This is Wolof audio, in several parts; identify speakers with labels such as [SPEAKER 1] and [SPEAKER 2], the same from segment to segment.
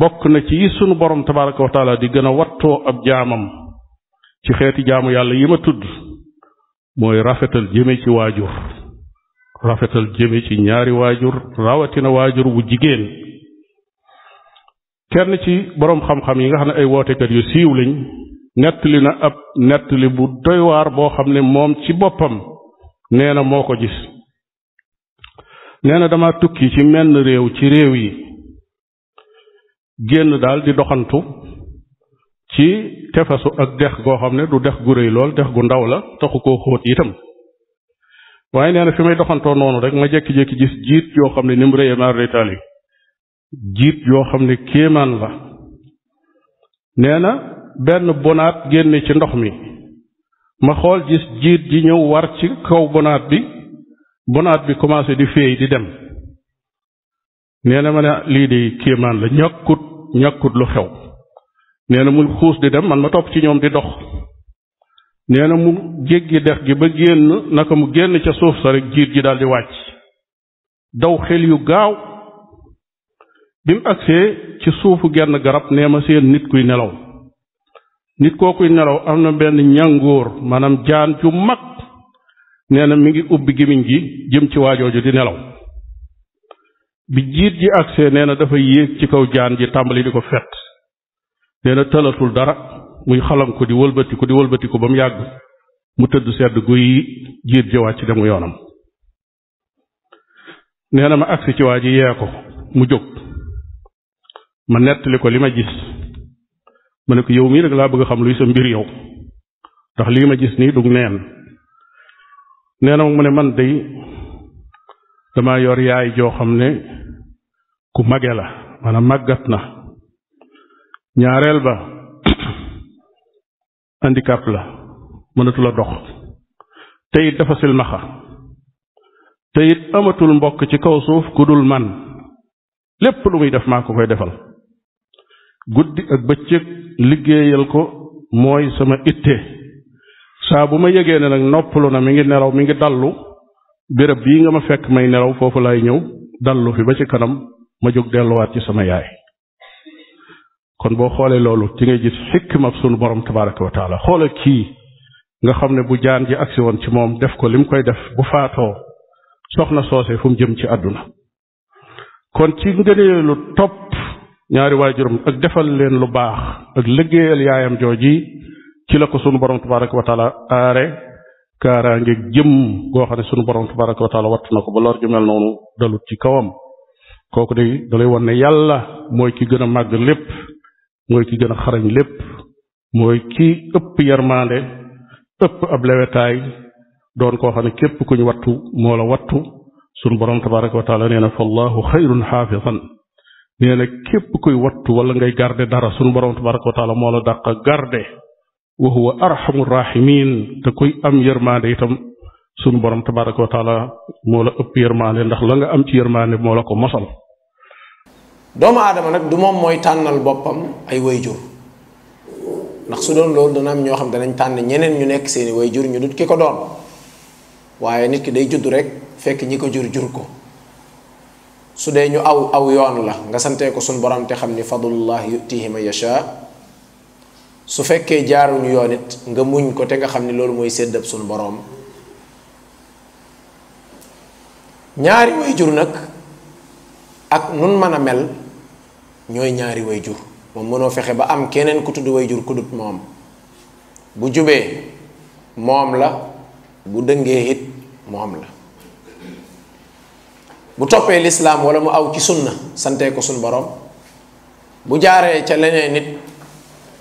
[SPEAKER 1] bokk na ci sunu borom tabaraka wa taala di gën a wattoo ab jaamam ci xeeti jaamu yàlla yi ma tudd mooy rafetal jëme ci waajur rafetal jëme ci ñaari waajur rawatina waajur bu jigéen kenn ci boroom xam-xam yi nga xam ne ay wootekat yu siiw lañ nettali na ab nettali bu doy boo xam ne moom ci boppam nee na moo ko gis nee na dama tukki ci menn réew ci réew yi génn daal di doxantu ci tefesu ak dex goo xam ne du dex gu rëy lool dex gu ndaw la taxu koo xóot itam waaye nee na fi may doxantoo noonu rek ma jekki-jekki jiit yoo xam ne ni mu rëyee naar d'Italie jiit yoo xam ne kéemaan la nee na benn bonaat génne ci ndox mi ma xool gis jiit ji ñëw war ci kaw bonaat bi bonaat bi commencé di féey di dem nee ma ne lii de kéemaan la ñàkkut ñàkkut lu xew nee na mu xuus di dem man ma topp ci ñoom di dox nee na mu jéggi dex gi ba génn naka mu génn ca suuf sa rek jiit ji daal di wàcc daw xel yu gaaw bi mu agsee ci suufu genn garab nee ma seen nit kuy nelaw nit kookuy nelaw am na benn ñàngoor maanaam jaan ju mag nee na mi ngi ubbi gémmiñ gi jëm ci waajooju di nelaw bi jiit ji agsee nee na dafa yéeg ci kaw jaan ji tàmbali di ko fet nee na tëlatul dara muy xalam ko di wëlbati ko di wëlbati ko ba mu yàgg mu tëdd sedd guy jiit ji wàcc demu yoonam nee na ma agsi ci waa ji yee ko mu jóg ma nettali ko li ma gis ma ne ko yow mii nag laa bëgg xam luy sa mbir yow ndax lii ma gis nii dug neen nee na mu ne man day dama yor yaay joo xam ne ku mage la maanaam màggat na ñaareel ba handicap la mënatula dox te it dafa silmaxa te it amatul mbokk ci kaw suuf ku dul man lépp lu muy def maa ko koy defal guddi ak bëccëg liggéeyal ko mooy sama itte saa bu ma yëgee ne nag noppalu na mi ngi nelaw mi ngi dallu béréb bii nga ma fekk may nelaw foofu laay ñëw dallu fi ba ci kanam ma jóg delluwaat ci sama yaay kon boo xoolee loolu ci ngay gis xikma sunu borom tabaraka wa taala kii nga xam ne bu jaan ji agsi woon ci moom def ko lim koy def bu faatoo soxna soose fu mu jëm ci àdduna kon ci ngëneelu topp ñaari waajuram ak defal leen lu baax ak liggéeyal yaayam jooji ci la ko sunu borom tabaraka aare kaaraange jëm go xamne sunu borom tabaaraku taala wat nako ba lor ju mel nonu dalut ci kawam koku de dalay wonne yalla moy ki gëna mag lepp moy ki gëna xarañ lepp moy ki ëpp yermande ëpp ab lewetaay doon ko xamne kep ku ñu wattu mo la wattu sunu borom tabaaraku taala neena fa allah khairun xaafisan neena kep kuy wattu wala ngay garder dara sunu borom tabaaraku taala mo la dàq garder wa huwa arhamur rahimin te kuy am yërmande itam sunu borom tabaraka wa taala moo la ëpp yërmande ndax la nga am ci yërmande moo la ko mosal
[SPEAKER 2] doomu aadama nag du moom mooy tànnal boppam ay wayjur ndax su doon loolu dana am ñoo xam danañ tànn ñeneen ñu nekk seeni wayjur ñu dut ki ko doon waaye nit ki day judd rek fekk ñi ko jur jur ko su dee ñu aw aw yoon la nga santee ko sunu borom te xam ni fadlullah yutihi man yasha su fekkee jaaruñu yoon it nga muñ ko te nga xam ni loolu mooy séddab sunu boroom ñaari way jur nag ak nun mën a mel ñooy ñaari way jur moom mënoo fexe ba am keneen ku way jur ku moom bu jubee moom la bu dëngee it moom la bu toppee lislaam wala mu aw ci sunna santee ko sunu boroom bu jaaree ca leneen nit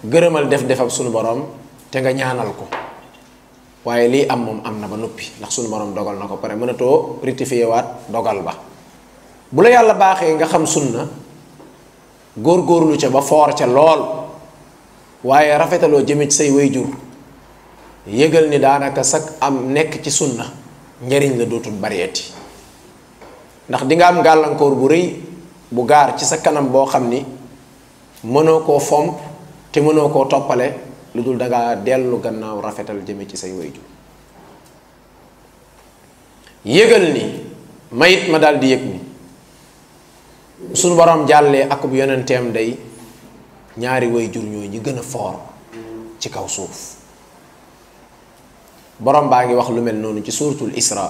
[SPEAKER 2] gëreumal def ak suñu borom té nga ñaanal ko waaye li am mom amna ba nopi ndax suñu borom dogal nako paré mëna to rectifier waat dogal ba bu la yalla baxé nga xam sunna gor lu ci ba for ci lool waaye rafetaloo jëme ci say wayjur yëgal ni daanaka sak am nek ci sunna nyering la dootul bareeti ndax di nga am galankor bu reuy bu gar ci sa kanam bo xamni ni ko fomp te mënoo koo toppale lu dul dangaa dellu gannaaw rafetal jëme ci say wayju yëgal ni mayit ma daldi yék ni suñu borom jallé ak bu day ñaari wayjur ñoy ñi gëna for ci kaw suuf borom baangi wax lu mel nonu ci suratul isra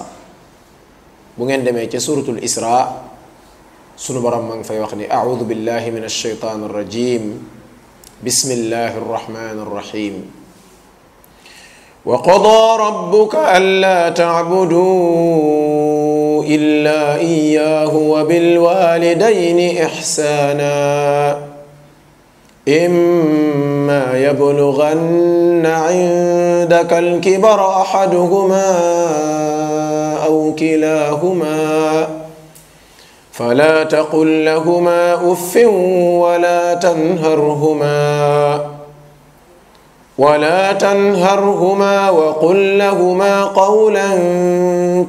[SPEAKER 2] bu ngeen démé ci suratul isra sunu borom ma ngi fay wax ni billahi بسم الله الرحمن الرحيم وقضى ربك ألا تعبدوا إلا إياه وبالوالدين إحسانا إما يبلغن عندك الكبر أحدهما أو كلاهما فلا تقل لهما اف ولا تنهرهما ولا تنهرهما وقل لهما قولا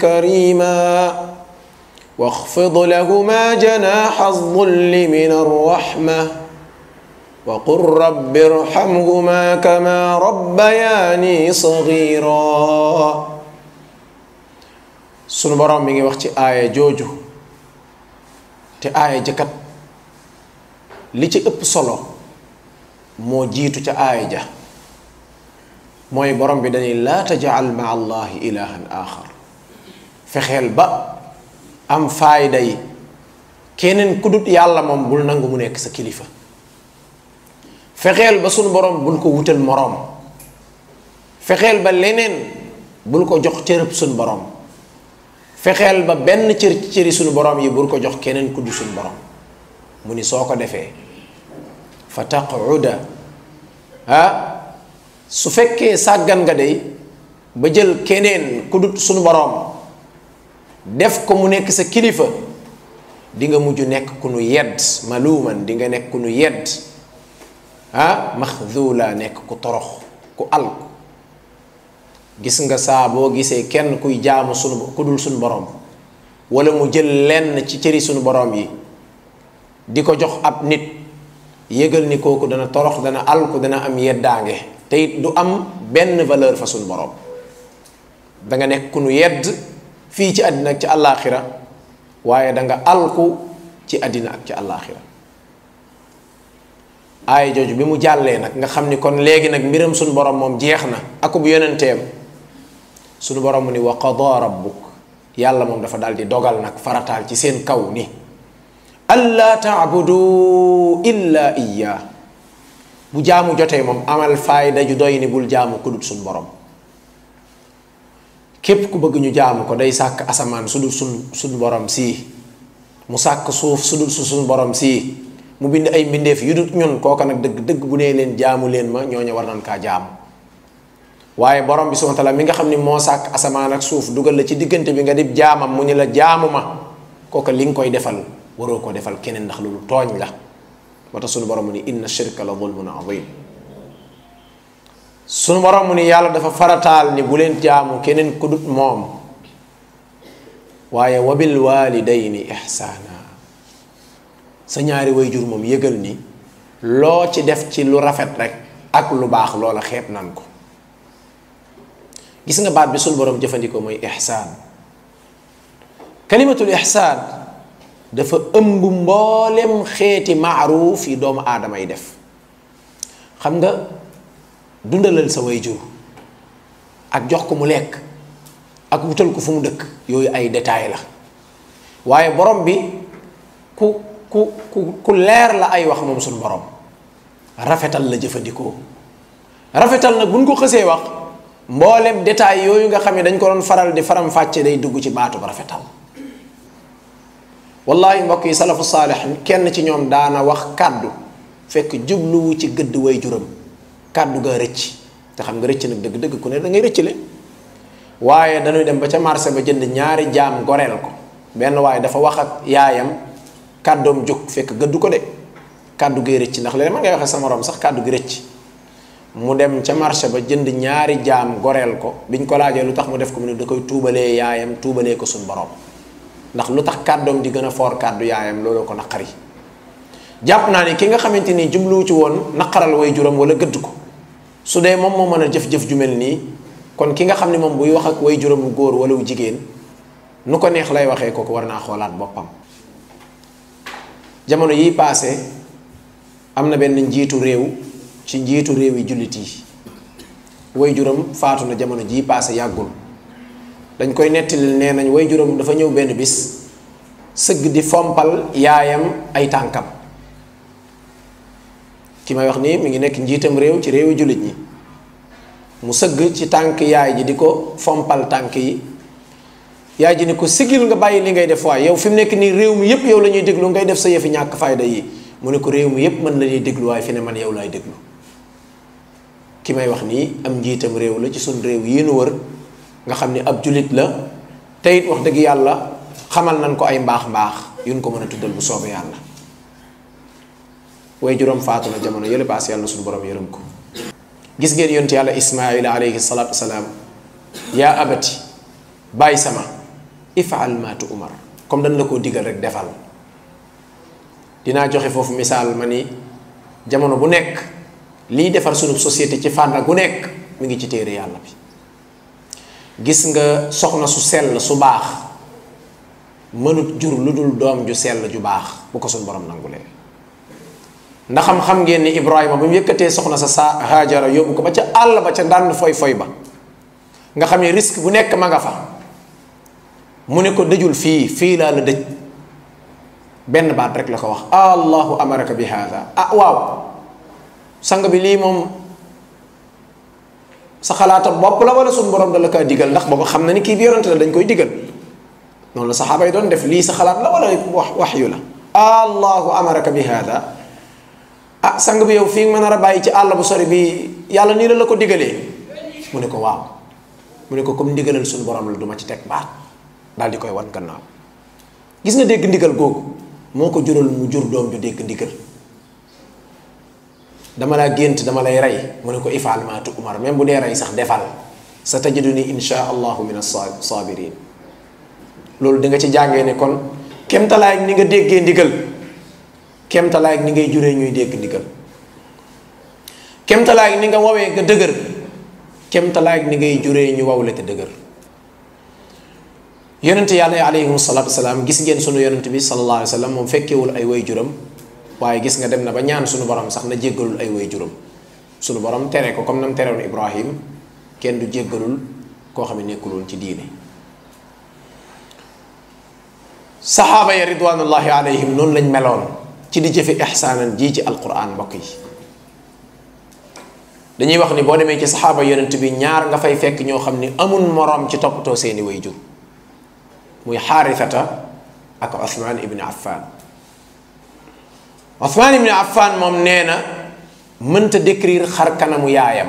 [SPEAKER 2] كريما واخفض لهما جناح الظل من الرحمه وقل رب ارحمهما كما ربياني صغيرا سنبرا من وقت آية جوجو te aaya ja kat li ci ëpp solo moo jiitu ca aaya ja mooy borom bi dañuy laa tajaal ma allahi ilahan axar fexeel ba am fayda yi keneen ku dut yàlla moom bul nangu mu nekk sa kilifa fexeel ba sunu borom bul ko wutal moroom fexeel ba leneen bul ko jox cërëb sun borom fexeel ba benn cër cëri suñu boroom yi bur ko jox keneen ku du suñu borom mu ni soo ko defee fa taquda ah su fekkee sàggan nga day ba jël keneen ku suñu boroom def ko mu nekk sa kilifa dinga mujj nekk ku nu yedd maluuman di nga nekk ku nu yedd ah maxdula nekk ku torox ku alku gis nga saa boo gisee kenn kuy jaamu sunu ku dul suñu borom wala mu jël lenn ci cëri suñu borom yi di ko jox ab nit yëgal ni kooku dana torox dana alku dana am yeddaange te it du am benn valeur fa sunu borom da nga nekk ku nu yedd fii ci àddina ak ci àllaaxira waaye danga nga alku ci àddina ak ci àllaaxira aaya jooju bi mu jàllee nag nga xam ni kon léegi nag mbiram suñu borom moom jeex na akub yonenteem sunu borom ni wa qada rabbuk yalla mom dafa daldi dogal nak faratal ci sen kaw ni alla ta'budu illa iyya bu jaamu jotey mom amal fayda ju doy ni bul jaamu kudut sun borom kep ku bëgg ñu jaamu ko day sak asaman sudul sun sun borom si mu sak suuf sudul su sun borom si mu bind ay mindeef yudut ñun kooka nak deug deug bu ne len jaamu len ma ñoña war nan ka jaamu waaye borom bi subhanahu wa taala mi nga xam ni moo sàkk asamaan ak suuf dugal la ci diggante bi nga dib jaamam mu ñu la jaamuma ma kooka li nga koy defal waroo ko defal keneen ndax loolu tooñ la ba tax sunu borom ni inna shirka la zulmun azim sunu borom ni yàlla dafa farataal ni bu leen jaamu keneen ku dut moom waaye wabil walidayni ihsana sa ñaari way jur moom yëgal ni loo ci def ci lu rafet rek ak lu baax loola xeeb nan ko gis nga baat bi suñ borom jëfandikoo mooy ixsaan kalimatul ixsaan dafa ëmb mboolem xeeti maaruuf yi doomu aadama yi def xam nga dundalal sa jur ak jox ko mu lekk ak wutal ko fu mu dëkk yooyu ay détail la waaye borom bi ku ku ku ku leer la ay wax moom suñ boroom rafetal la jëfandikoo rafetal nag buñ ko xësee wax mboolem détail yooyu nga xam ne dañ ko doon faral di faram-fàcce day dugg ci baatu ba rafetal wallahi mbokk yi salafu saalix kenn ci ñoom daana wax kàddu fekk jubluwu ci gëdd way juram kàddu ga rëcc te xam nga rëcc nag dëgg-dëgg ku ne da ngay rëcc waaye dañuy dem ba ca marché ba jënd ñaari jaam goreel ko benn waaye dafa wax ak yaayam kàddoom jóg fekk gëddu ko de kàddu gay rëcc ndax léeg-léeg man ngay waxee sa morom sax kàddu gi rëcc mu dem ci marché ba jënd ñaari jaam gorel ko biñ ko laaje lu tax mu def ko mu ne da koy tuubalee yaayam tuubalee ko sun borom ndax lu tax kàddoom di gën a foor kàddu yaayam loolu ko naqari jàpp naa ne ki nga xamante ni ci woon naqaral way juram wala gëdd ko su dee moom moo mën jëf-jëf ju kon ki nga xam ne moom buy wax ak way juram wu góor wala wu jigéen nu ko neex lay waxee kooku war naa xoolaat boppam jamono yi passé am na benn njiitu ci njiitu réew juliti way juram faatu na jamono ji passé yàggul dañ koy nettalil nee nañ way juram dafa ñëw benn bis sëgg di fompal yaayam ay tànkam ki may wax ni mi ngi nekk njiitam réew ci réewi jullit ñi mu sëgg ci tànk yaay ji di ko fompal tànk yi yaay ji ni ko sigil nga bàyyi li ngay def waay yow fi mu nekk nii réew mi yépp yow la ñuy déglu ngay def sa yëfi ñàkk fayda yi mu ne ko réew mi yépp man la ñuy déglu waaye fi ne man yow laay déglu ki may wax nii am njiitam réew la ci suñ réew yi nu wër nga xam ni ab jullit la tey wax dëgg yàlla xamal nañ ko ay mbaax mbaax yuñ ko mën a tuddal bu soobee yàlla way juróom faatu na jamono yële suñu borom yërëm ko gis ngeen yonent yàlla ismail alayhi salaatu wasalaam yaa abati bàyyi sama ifaal maatu umar comme dañ la koo digal rek defal dinaa joxe foofu misaal ma ni jamono bu nekk lii defar sunu société ci fànn gu nekk mu ngi ci téere yàlla bi gis nga soxna su sell su baax mënut jur lu dul doom ju sell ju baax bu ko sunu borom nangulee ndax xam-xam ngeen ni Ibrahima ba mu yëkkatee soxna sa saa Haajara yóbbu ko ba ca àll ba ca ndànd foy foy ba nga xam ne risque bu nekk ma nga fa mu ne ko dëjul fii fii laa la dëj benn baat rek la ko wax allahu amaraka bi haada ah waaw sang bi lii moom sa xalaatam bopp la war a suñu borom da la kaa digal ndax booba xam na ni kii bi yonante la dañ koy digal noonu la saxaaba yi doon def lii sa xalaat la wala wax waxyu la allahu amaraka bi hada ah sang bi yow fii mën nar a bàyyi ci àll bu sore bii yàlla nii la la ko digalee mu ne ko waaw mu ne ko comme ndigalal suñu borom la duma ci teg baat daal di koy wan gannaaw gis nga dégg ndigal googu moo ko jural mu jur doom ju dégg ndigal dama laa gént dama lay rey mu ne ko ifaal maa tu'mar même bu dee rey sax defal sa tajiduni insha allahu min as-sabirin loolu di nga ci jàngee ne kon kemtalaay ni nga déggee ndigal kemtalaay ni ngay juree ñuy dégg ndigal kemtalaay ni nga wawee nga dëgër kemtalaay ni ngay juree ñu waw la te dëgër yonent yàlla alayhi salaatu salaam gis ngeen sunu yonent bi sallallahu alayhi wa sallam moom fekkewul ay woy juram waye gis nga dem na ba ñaan sunu borom sax na jéggalul ay way sunu borom téré ko comme nam won ibrahim kenn du jéggalul ko xamé ne won ci diiné sahaba ya ridwanullahi alayhim non lañ meloon ci di jëfé ihsaanan ji ci alquran mbokk yi dañuy wax ni bo démé ci sahaba yonent bi ñaar nga fay fekk ño xamni ni morom ci topoto seeni wayjur muy harithata ak usman ibn affan Ousmane Ibn Affan moom nee na mënta décrire xar kanamu yaayam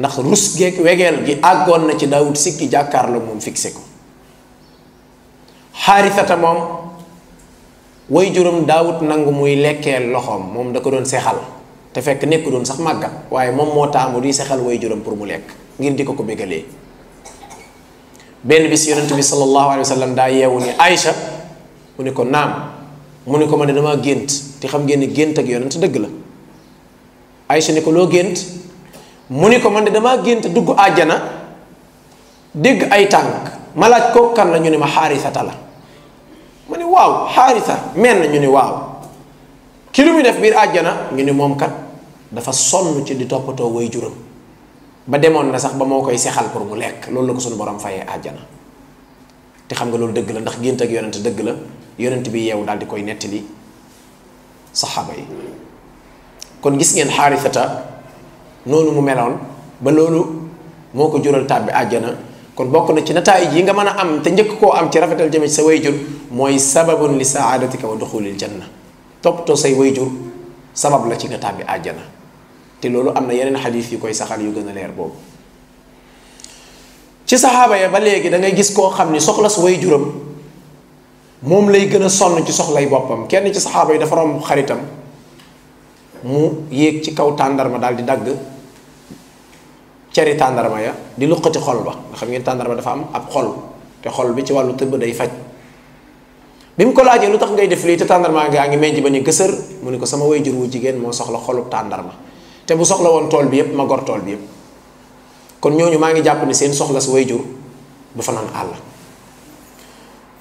[SPEAKER 2] ndax rus geeg wegeel gi àggoon na ci Daawud sikki jàkkaarloo moom fixé ko xaarisata moom way juróom Daawud nangu muy lekkee loxoom moom da ko doon seexal te fekk nekku doon sax màggat waaye moom moo taamu di sexal woy juróom pour mu lekk ngir di ko ko bégalee benn bis yonent bi sallallahu alayhi daa yeewu ni Aïcha mu ne ko naam mu ne ko man ne damaa gént te xam ngeen ne gént ak yonent dëgg la Aysa ne ko loo gént mu ni ko man de damaa gént dugg àjjana dégg ay tànk ma laaj ko kan la ñu ne ma xaarisata la mu ne waaw xaarisa meen na ñu ni waaw ki lu muy def biir àjjana ñu ne moom kat dafa sonn ci di toppatoo way juram ba demoon na sax ba moo koy sexal pour mu lekk loolu la ko suñu borom fayee àjjana te xam nga loolu dëgg la ndax gént ak yonent dëgg la yonent bi yeewu daal di koy nettali saxaaba yi kon gis ngeen xaarisata noonu mu meloon ba loolu moo ko jural tàbbi àjjana kon bokk na ci nataay yi nga mën a am te njëkk koo am ci rafetal jëme ci sa wayjur mooy sababun li saadatika wa duxulil janna toppatoo say wayjur sabab la ci nga tàbbi àjjana te loolu am na yeneen xadiis yu koy saxal yu gën a leer boobu ci saxaaba ya ba léegi da ngay gis koo xam ni soxla su wayjuram Mum lay gëna sonn ci soxlay bopam kenn ci sahaba yi dafa rom xaritam mu yek ci kaw tandarma dal di dag ciari tandarma ya di luqati xol ba nga xam ngeen tandarma dafa am ab xol te xol bi ci walu teub day fajj bim ko laaje lu ngay def li te tandarma nga ngi menj ba ni muniko mu ni ko sama wayjur wu jigen mo soxla xolu tandarma te bu soxla won tol bi yep ma gor tol bi yep kon ñooñu ma ngi japp ni seen soxla su wayjur du nan allah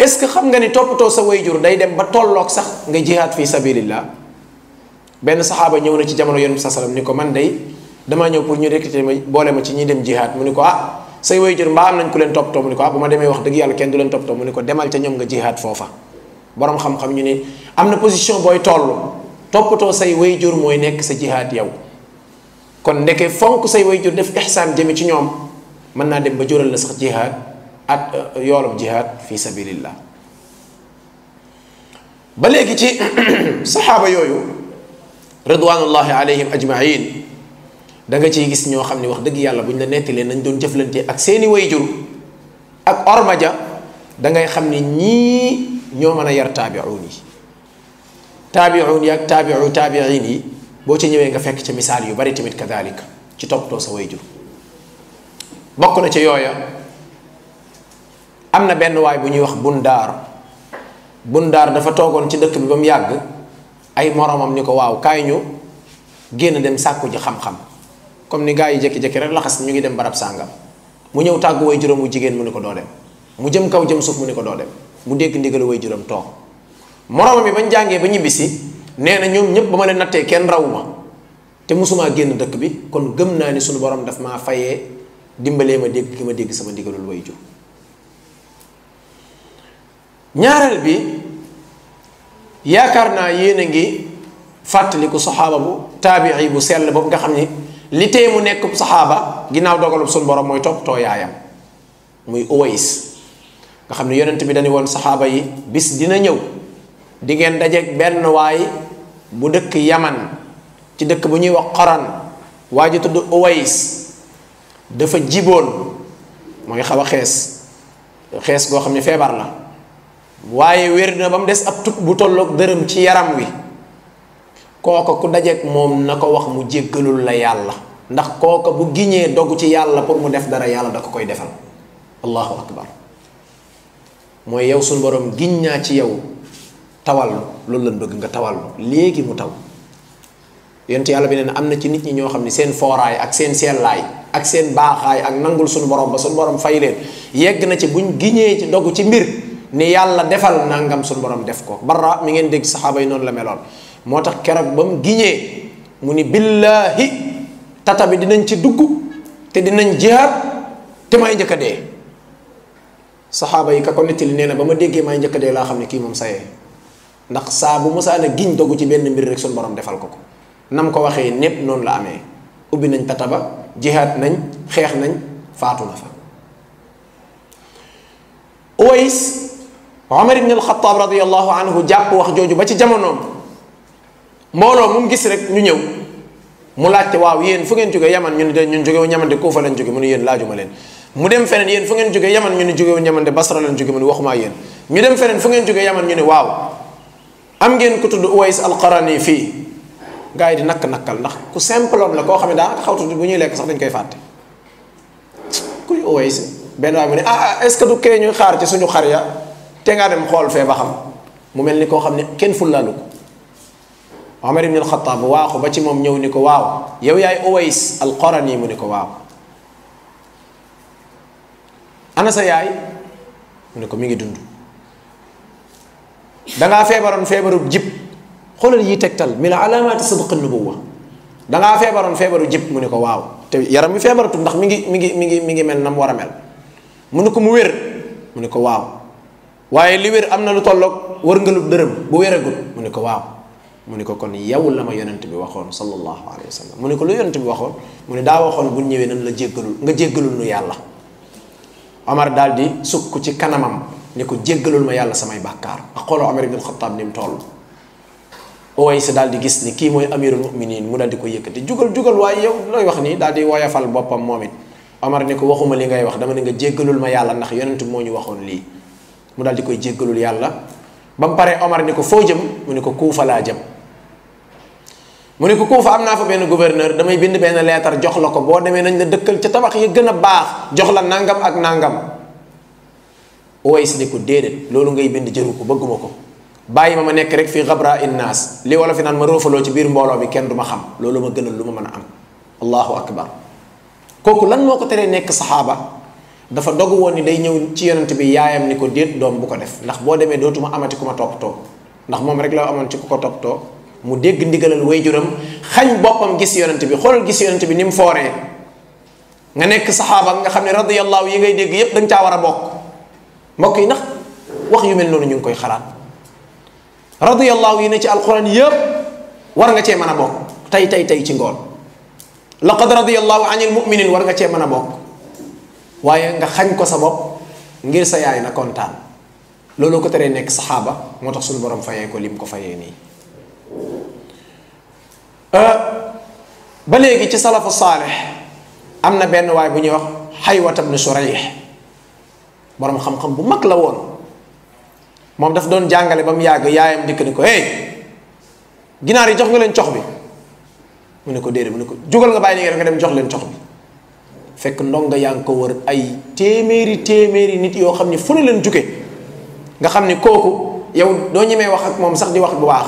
[SPEAKER 2] est-ce que xam nga ni toppatoo sa wayjur day dem ba tolloog sax nga jihaad fi sabilillah benn saxaaba ñëw na ci jamono yonent sa salam ni ko man day damaa ñëw pour ñu recruter ma boole ma ci ñi dem jihaad mu ni ko ah say wayjur mbaa am nañ ku leen toppatoo mu ni ah, bu ma demee wax dëgg yàlla kenn du ko demal ca ñoom nga jihaad foofa boroom xam-xam ñu ni am na position booy toll toppatoo say way jur mooy nekk sa jihaad yow kon ndeke fonk say way jur def ihsaan jëme ci ñoom mën naa dem ba jural la sax jihaad ak uh, yoolub jihaad fi sabilillah ba léegi ci saxaaba yooyu ridwanullahi alayhim ajmain da nga ciy gis ñoo xam ne wax dëgg yàlla bu ñu la nettalee nañ doon jëflante ak seeni way wayjur ak ormaja dangay xam ni ñii ñoo mën a yar taabiuun yi taabiuun yi ak taabiu taabiin yi boo ci ñëwee nga fekk ci misaal yu bari tamit kadalik ci toppatoo sa wayjur bokk na ca yooya amna na benn waay bu ñuy wax bundar bundar dafa togon ci dëkk bi bam yagg ay moromam ni ko waaw kay ñu genn dem sakku ji xam-xam comme ni gaay yi jekki jekki rek xass ñu ngi dem barab sangam mu ñew tag way juroom mu jigen mu ni ko doo dem mu jëm kaw jëm suuf mu ni ko doo dem mu dégg ndigal way juroom tok moromam bi bañ jàngee ba ñibisi neena ñoom ñëpp bama leen kenn rawuma ma te musuma genn dëkk bi kon gëm naa ni sunu borom daf maa fayee dimbalee ma dégg ki ma dégg sama ndigalul way juroom ñaaral bi yaakaar naa yéen a ngi fàttaliku saxaaba bu taabii bu sell boobu nga xam ni li tey mu nekk saxaaba ginnaaw dogalub sun borom mooy toppatoo yaayam muy uways nga xam yonent bi dani woon saxaaba yi bis dina ñëw di ngeen dajeeg benn waay bu dëkk yaman ci dëkk bu ñuy wax xoran waa ji tudd uways dafa jiboon mooy xaw a xees xees goo xam la waye werna na dess des ab tuk bu tolok deureum ci yaram wi koko ku dajek mom na ko wax mu jéggalul la yalla ndax koko bu giñee dogu ci yalla pour mu def dara yalla da ko koy defal allahu akbar moy yow sun borom giñ ci yow tawal lu lan bëgg nga tawal léegi mu taw yent yalla bi amna ci nit ñi ño xamni seen ak seen selay ak seen baxay ak nangul sun borom ba sun borom fay leen yegg na ci buñ giñee ci dogu ci mbir ni yalla defal nangam sun borom def ko barra mi ngeen deg sahaba yi non la melol. motax kerek bam giñe Muni billahi tata bi dinañ ci dugg te dinañ jihad te may njëkk de sahaba yi ka ko nitil neena bama ba may njëkk de la laa ki mom kii ndax sa bu musaana giñ dogu ci benn mbir rek sun borom defal ko ko nam ko waxee nepp non la me. ubi nañ tata ba jihad nañ xex nañ faatu fa عمر بن الخطاب رضي الله عنه جاب واخ جوجو با سي جامونو مولو مو غيس رك ني نيو مو لاتي واو يين فوغين جوغي يمن ني ني جوغي نيامن دي كوفا لن جوغي مو يين لاجوما لين مو ديم فنن يين فوغين جوغي يمن ني جوغي نيامن دي بصره لن جوغي مو واخما يين ني ديم فنن فوغين جوغي يمن ني واو ام غين كو اويس القراني في غاي دي نك نكال نخ كو سامبلون لا كو خامي دا خاوت بو ني ليك صاح دنج كاي فاتي كوي اويس بن واي آه،, اه اسكو دو كاي ني خار سونو خاريا te nga dem xol fe ba xam mu mel ni koo xam ne kenn fullaalu ko omar ibn alxataab waaxu ba ci mom ñëw ni ko waaw yow yaay al alqorani mu ni ko waaw ana sa yaay mu ni ko mi ngi dund da nga febaron febaru jip xolal yi tektal min alamat sidq sidqi nubuwa da nga febaron febaru jip mu ni ko waaw te yaram mi febaratu ndax mi ngi mi ngi mi ngi mel nam wara mel mu ni ko mu wér mu ni ko waaw waaye li wér am na lu tolloog wërngalub dërëm bu wéragul mu ne ko waaw mu ne ko kon yow la ma yonent bi waxoon sallallahu alayhi wa mu ne ko lu yonent bi waxoon mu ne daa waxoon bu ñëwee nan la jéggalul nga jéggalul nu yàlla Omar daal di sukk ci kanamam ne ko ma yàlla samay bàkkaar ak xooloo Omar ibn Xattaab ni mu toll Uways daal di gis ni kii mooy amirul muminin mu daal di ko yëkkati jugal jugal waaye yow looy wax nii daal di woyafal moom it Omar ne ko waxuma li ngay wax dama ne nga jéggalul ma yàlla ndax yonent moo ñu waxoon lii mu daal di koy jéggalul yàlla ba mu paree Omar ni ko foo jëm mu ne ko Kuufa laa jëm mu ne ko Kuufa am naa fa benn gouverneur damay bind benn leetar jox la ko boo demee nañ la dëkkal ca tabax yi gën a baax jox la nàngam ak nangam Uways ni ko déedéet loolu ngay bind jëru ko bëgguma ko bàyyi ma ma nekk rek fii xabra innaas li wala fi naan ma roofaloo ci biir mbooloo bi kenn du ma xam loolu ma gënal lu ma mën a am allahu akbar kooku lan moo ko teree nekk saxaaba dafa dogu woon ni day ñëw ci yonent bi yaayam ni ko déet doom bu ko def ndax boo demee dootuma amati ku ma toppatoo ndax moom rek la amoon ci ku ko toppatoo mu dégg ndigalal waajuram xañ boppam gis yonent bi xoolal gis yonent bi ni mu fooree nga nekk saxaaba nga xam ne radiyallahu yi ngay dégg yëpp da nga caa war a bokk mbokk yi ndax wax yu mel noonu ñu ngi koy xalaat radiyallahu yi ne ci alquran yëpp war nga cee mën bokk tey tey tey ci ngoon laqad radiyallahu anil mu'minin war nga cee mën a bokk waaye nga xañ ko sa bopp ngir sa yaay na kontaan loolu ko teree nekk sahaba moo tax suñu borom fayee ko lim ko fayee nii euh, ba léegi ci salafu saaleh am na benn waay bu ñuy wax ibn borom xam-xam bu mag la woon moom daf doon jàngale ba mu yàgg yaayam dikk ni ko hey ginaar yi jox nga leen cox bi mu ne ko déedéet mu ne ko jugal nga bàyyi li dem jox leen cox bi fekk ndonga yang ngi ko wër ay téméri téméri nit yo xamni ne fu ne leen juge nga xamni koku yow do ñëmé wax ak mom sax di wax bu baax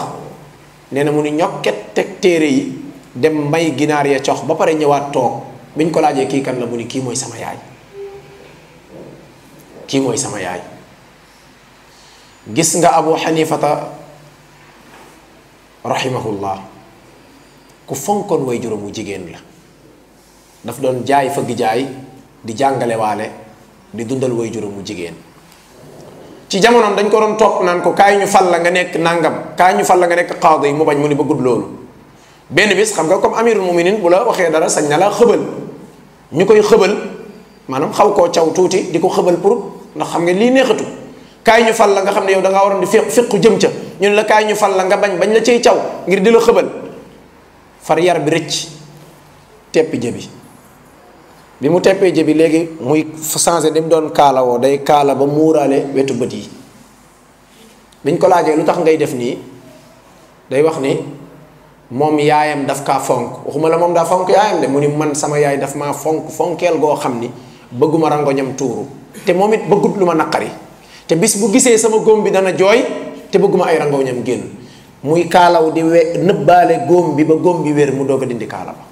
[SPEAKER 2] néna mu ni ñokket tek téré yi dem may ginar ya cox ba paré ñëwaat tok biñ ko laajee ki kan la mu ni ki moy sama yaay ki moy sama yaay gis nga abu xanifata rahimahullah ku fonkon way juróom la daf doon jaay fëgg jaay di jàngalewaale di dundal way juróomu jigéen ci jamonoom dañ ko doon topp naan ko kaay ñu fal la nga nekk nangam kaay ñu fal la nga nekk xaadi mu bañ mu ni bëggul loolu benn bis xam nga comme amirul muminin bu la waxee dara sañ na la xëbal ñu koy xëbal maanaam xaw koo caw tuuti di ko xëbal pour ndax xam nga lii neexatu kaay ñu fal la nga xam ne yow dangaa ngaa waroon di féq féqu jëm ca ñu ne la kaay ñu fal la nga bañ bañ la cay caw ngir di la xëbal far yar bi rëcc teppi jëbi bi mu teppee jëbi léegi muy changé ni mu doon kaala woo day kaala ba muuraale wetu bët yi biñ ko laajee lu tax ngay def nii day wax ni moom yaayam daf kaa fonk waxuma la moom daa fonk yaayam de mu ni man sama yaay daf maa fonk fonkeel goo xam ni bëgguma rangoñam tuuru te moom it bëggut lu ma naqari te bis bu gisee sama góom bi dana jooy te bëgguma ay ñam génn muy kaalaw di we nëbbaale góom bi ba góom bi wér mu doog a dindi kaala ba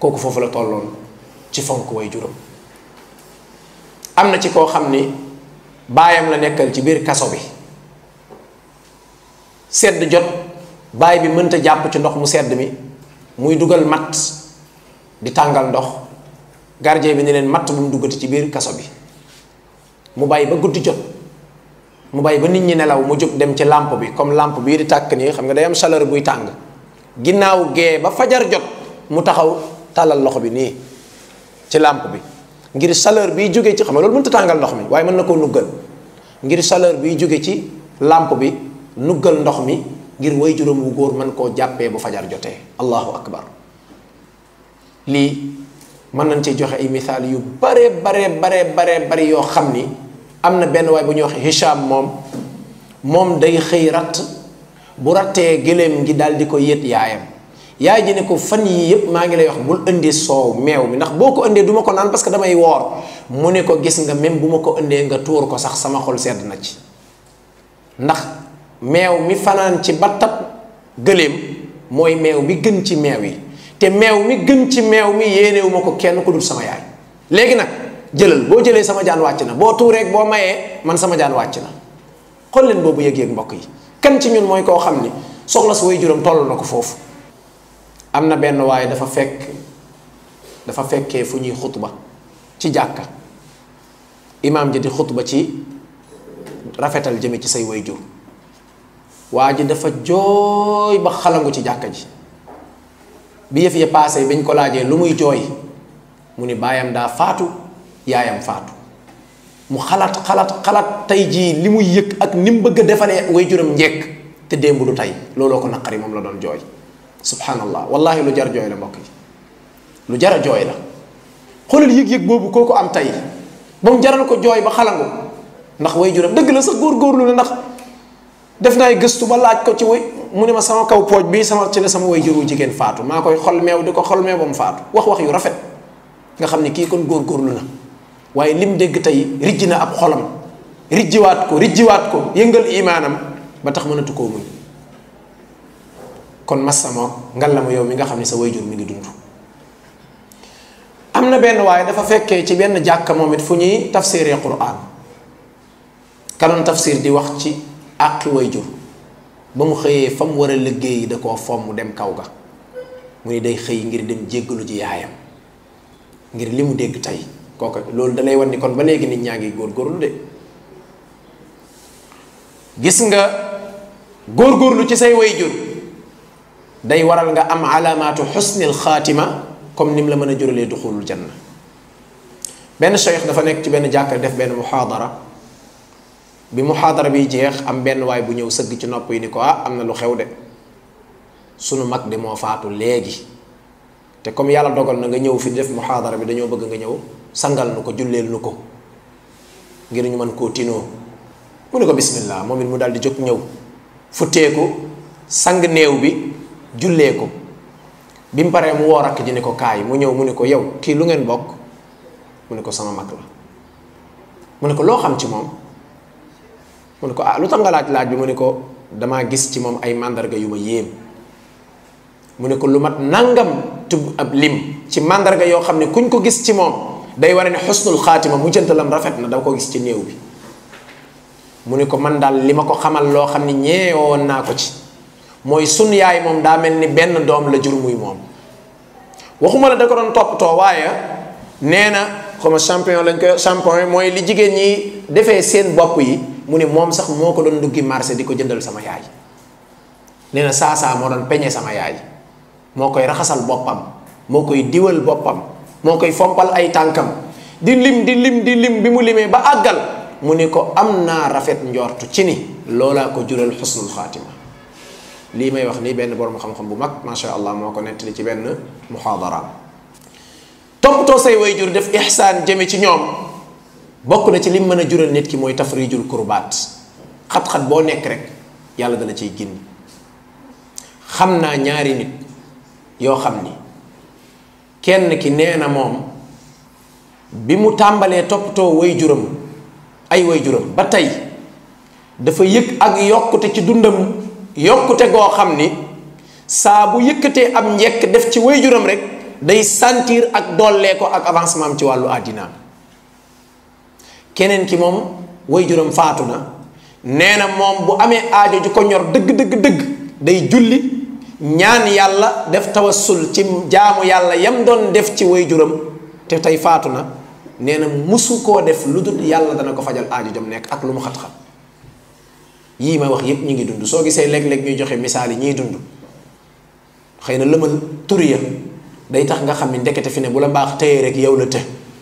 [SPEAKER 2] kooku foofu la tolloon ci fonk way juróom am na ci koo xam ni baayam la nekkal ci biir kaso bi sedd jot baay bi mënta jàpp ci ndox mu sedd mi muy dugal matt di tàngal ndox gardien bi ne leen matt bu mu duggati ci biir kaso bi mu bàyyi ba guddi jot mu bàyyi ba nit ñi nelaw mu jóg dem ci làmp bi comme làmp bii di tàkk nii xam nga day am chaleur buy tàng ginnaaw gee ba fajar jot mu taxaw tàllal loxo bi nii ci làmp bi ngir chaleur biy jóge ci xam nga loolu mënut tàngal ndox mi waaye mën na koo nuggal ngir chaleur biy jóge ci làmp bi nuggal ndox mi ngir way juróom wu góor mën koo jàppee bu fajar jotee allahu akbar lii mën nañ ci joxe ay misaal yu bare bare bare bare yoo xam ni am na benn waay bu ñuy wax Hicham moom moom day xëy ratt bu rattee géléem gi daal di ko yët yaayam yaay ji ne ko fan yii yëpp maa ngi lay wax bul indi soow meew mi ndax boo ko indee du ma ko naan parce que damay woor mu ne ko gis nga même bu ma ko indee nga tuur ko sax sama xol sedd na ci ndax meew mi fanaan ci battab gëléem mooy meew bi gën ci meew yi te meew mi gën ci meew mi yéenewu ko kenn ku dul sama yaay léegi nag jëlal boo jëlee sama jaan wàcc na boo tuureeg boo mayee man sama jaan wàcc na xool leen boobu yëg-yëg mbokk yi kan ci ñun mooy koo xam ni soxla su way juróom toll ko foofu am na benn waaye dafa fekk dafa fekkee fu ñuy xutba ci jàkka imaam ji di xutba ci rafetal jëme ci say wayjur waa ji dafa jooy ba xalangu ci jàkka ji bi yëf ya paase biñ ko laajee lu muy jooy mu ni baayam daa faatu yaayam faatu mu xalaat xalaat xalaat tey jii li muy yëg ak ni mu bëgg a defalee way juram njekk te démb du tey looloo ko naqari moom la doon jooy subhanallah wallahi lu jar jooy la mbokk yi lu jar a jooy la xoolal yég yëg boobu kooku am tey ba mu jaral ko jooy ba xalangu ndax way juram dëgg la sax góor-góorlu na ndax def naay gëstu ba laaj ko ci way mu ne ma sama kaw pooj bi sama ci la sama way juru jigéen faatu maa koy xol meew di ko xol meew ba mu faatu wax wax yu rafet nga xam ne kii kon góor-góorlu na waaye mu dégg tey rijji na ab xolam rijjiwaat ko rijjiwaat ko yëngal imaanam ba tax mënatu koo kon massa moog ngallama yow mi nga xam ne sa wayjur mi ngi dund am na benn waaye dafa fekkee ci benn jàkka moom it fu ñuy tafsiree quraan kanoon tafsir di wax ci àqi wayjur ba mu xëyee fa mu war a liggéey da koo fomm dem kaw ga mu ne day xëy ngir dem jéggalu ji yaayam ngir li mu dégg tey kooka loolu dalay wan ni kon ba léegi nit ñaa ngi góorgóorlu de gis nga góor góorlu ci say wayjur day waral nga am alaamaatu xusnil khatima comme nim la meuna jurele dukhulul janna ben cheikh dafa nek ci ben jakar def ben muhadara bi muhadara bi jeex am ben way bu ñëw seug ci nopp yi ni ko ah amna lu xew de sunu mak de mo faatu legi te comme yàlla dogal na nga ñëw fi def muhadara bi dañu bëgg nga ñëw sangal nuko ko nuko ngir ñu man ko tino mu ne ko bismillah momin mu dal di jokk ñëw futteeku sang néew bi jullee ko bi mu paree mu woo rakk ji ne ko kaay mu ñëw mu ne ko yow kii lu ngeen bokk mu ne ko sama mag la mu ne ko loo xam ci moom mu ne ko ah lu laaj bi mu ne ko damaa gis ci moom ay màndarga yu ma yéem mu ne ko lu mat nangam tub ab lim ci màndarga yoo xam ne kuñ ko gis ci moom day wane ne xusnul xaatima mujjantalam rafet na da ko gis ci néew bi mu ne ko man daal li ma ko xamal loo xam ne ñeewoon naa ko ci mooy sunu yaay moom daa mel ni benn doom la jur muy moom waxuma la da ko doon toppatoo waaye nee na comme champion lañ ko champion mooy li jigéen ñi defee seen bopp yi mu ne moom sax moo ko doon duggi marché di ko jëndal sama yaay nee na saa saa moo doon peñe sama yaay moo koy raxasal boppam moo koy diwal boppam moo koy fompal ay tànkam di lim di lim di lim bi mu limee ba àggal mu ne ko am naa rafet njort ci ni loolaa ko jural xusnul xaatima lii may wax nii benn borom xam-xam bu mag macha allah moo ko nettali ci benn muxaadara toppatoo say wayjur def ihsaan jëme ci ñoom bokk na ci lim mën a jural nit ki mooy jur kurbaat xat-xat boo nekk rek yàlla dana ciy gindi xam naa ñaari nit yoo xam ni kenn ki nee na moom bi mu tàmbalee toppatoo juram ay way wayjuram ba tey dafa yëg ak yokkute ci dundam yokkute goo xam ni saa bu yëkkatee am njekk def ci waajuram rek day sentir ak dollee ko ak avancement ci wàllu àddinaam keneen ki moom waajuram faatu na nee na moom bu amee aajo ju ko ñor dëgg dëgg dëgg day julli ñaan yàlla def tawassul ci jaamu yàlla yam doon def ci way waajuram te tey faatu na nee na musu koo def lu dul yàlla dana ko fajal aajo jam nekk ak lu mu xat-xat yii may wax yépp ñu ngi dund soo gisee léeg-léeg ñuy joxe misaal yi ñuy dund xëy na lëmal turiya day tax nga xam ni ndekete fi ne bu la baax tëye rek yow la të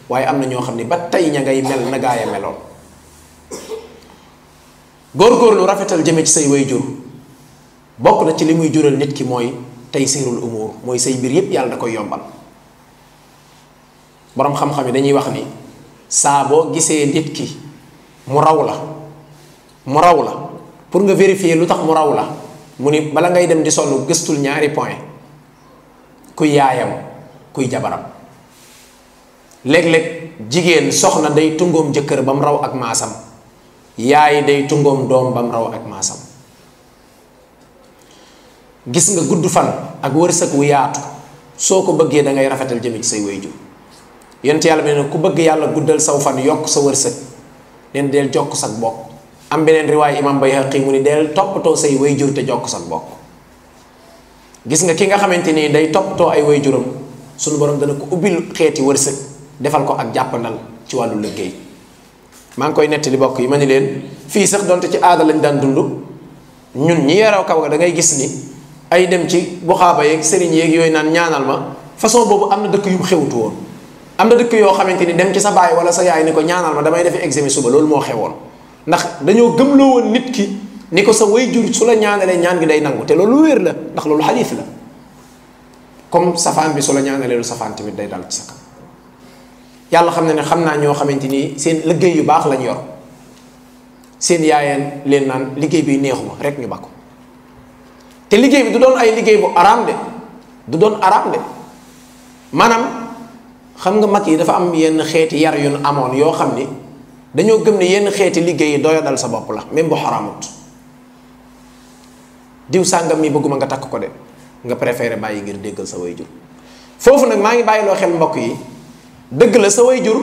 [SPEAKER 2] waaye am na ñoo xam ni ba tey ña ngay mel na gaaya meloon góorgóorlu rafetal jëme ci say way jur bokk na ci li muy jural nit ki mooy tey siirul umur mooy say mbir yépp yàlla da koy yombal boroom xam-xam yi dañuy wax ni saa boo gisee nit ki mu raw la mu raw la pour nga vérifier lu mu raw la mu ni bala ngay dem di sonu gëstul ñaari point kuy yaayam kuy jabaram leg leg jigen soxna day tungom jëkkër bam raw ak masam yaay day tungom dom bam raw ak masam gis nga guddu fan ak wërsëg wu yaatu soko ko bëggee da ngay rafetal jëmi ci say wayju yent yalla ne ku bëgg yalla guddal saw fan yok sa len del jokk sak bokk am beneen riwaay imam Bayhaqi mu ni del toppatoo say way wayjur te jokk sa mbokk gis nga ki nga xamante nii day toppatoo ay wayjuram sunu borom dana ko ubbil xeeti wërsëg defal ko ak jàppandal ci wàllu liggéey maa ngi koy nettali bokk yi ma ni leen fii sax donte ci aada lañ daan dund ñun ñi yaroo kaw ga dangay gis ni ay dem ci buxaaba yeeg sëriñ yeeg yooyu naan ñaanal ma façon boobu am na dëkk yu xewutu woon am na dëkk yoo xamante ni dem ci sa baay wala sa yaay ko ñaanal ma damay defe examen suba loolu moo xewoon ndax dañoo gëmloo woon nit ki ni ko sa way jur su la ñaanalee ñaan gi day nangu te loolu wér la ndax loolu xadiis la comme safaan bi su la ñaanalee lu safaan tamit day dal ci sa kam yàlla xam na ne xam naa ñoo xamante ni seen liggéey yu baax lañu yor seen yaayeen leen naan liggéey bi neexuma rek ñu bakku te liggéey bi du doon ay liggéey bu araam de du doon araam de maanaam xam nga mat yi dafa am yenn xeeti yar yu nu amoon yoo xam ni dañu gëm ni yeen xéeti liggéey dal sa bop la même bu haramut diw sangam mi bëgguma nga tak ko dé nga préférer bayyi ngir déggal sa wayjur fofu nak ma ngi bayyi lo xel mbokk yi dëgg la sa wayjur